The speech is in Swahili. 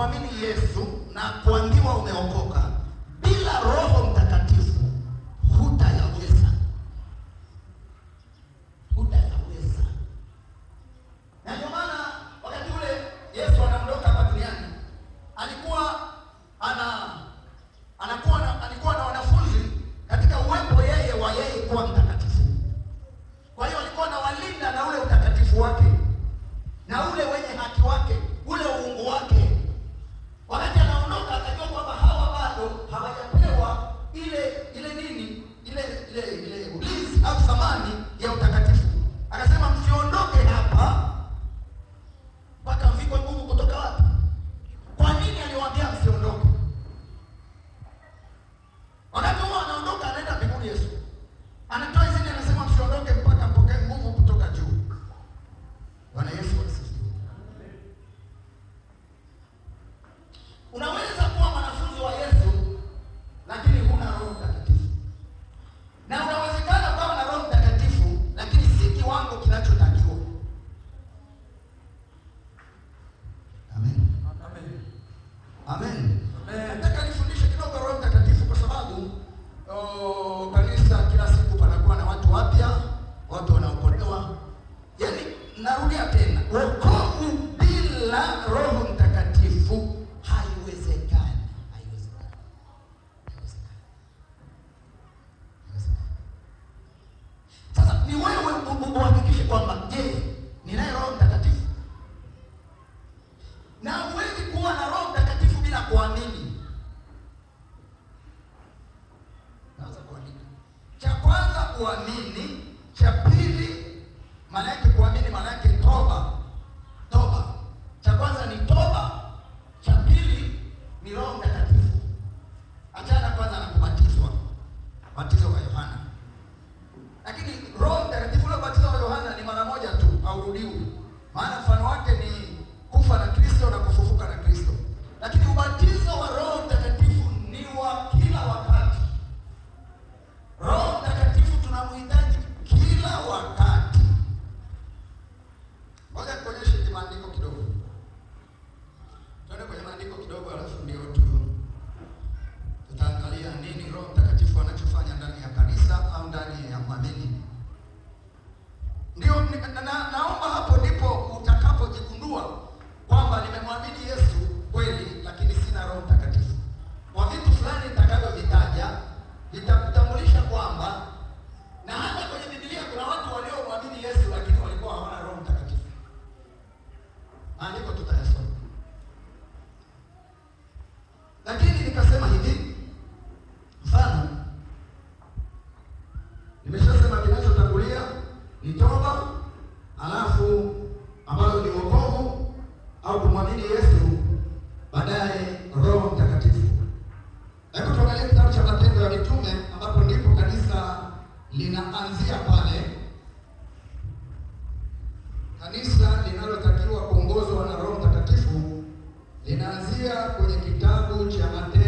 kumwamini Yesu na kuambiwa umeokoka Amen. Eh, nataka nifundishe kidogo Roho Mtakatifu kwa sababu kanisa kila siku panakuwa na watu wapya, watu wanaokolewa. Yaani, narudia tena, wokovu bila Roho Mtakatifu haiwezekani, haiwezekani, haiwezekani. Sasa ni wewe uhakikishe kwamba je kuamini. Cha pili, maana yake kuamini, maana yake toba. Toba, cha kwanza ni toba, cha pili ni Roho Mtakatifu. Achana kwanza na kubatizwa, batizo kwa Yohana, lakini Roho Mtakatifu batizo kwa Yohana ni mara moja tu, haurudiwi maana maandiko tutayasoma, lakini nikasema hivi, mfano nimeshasema kinachotangulia ni toba, alafu ambayo ni wokovu au kumwamini Yesu, baadaye Roho Mtakatifu. Hebu tuangalie kitabu cha Matendo ya Mitume ambapo ndipo kanisa linaanzia pale, kanisa linalo kuanzia kwenye kitabu cha Matendo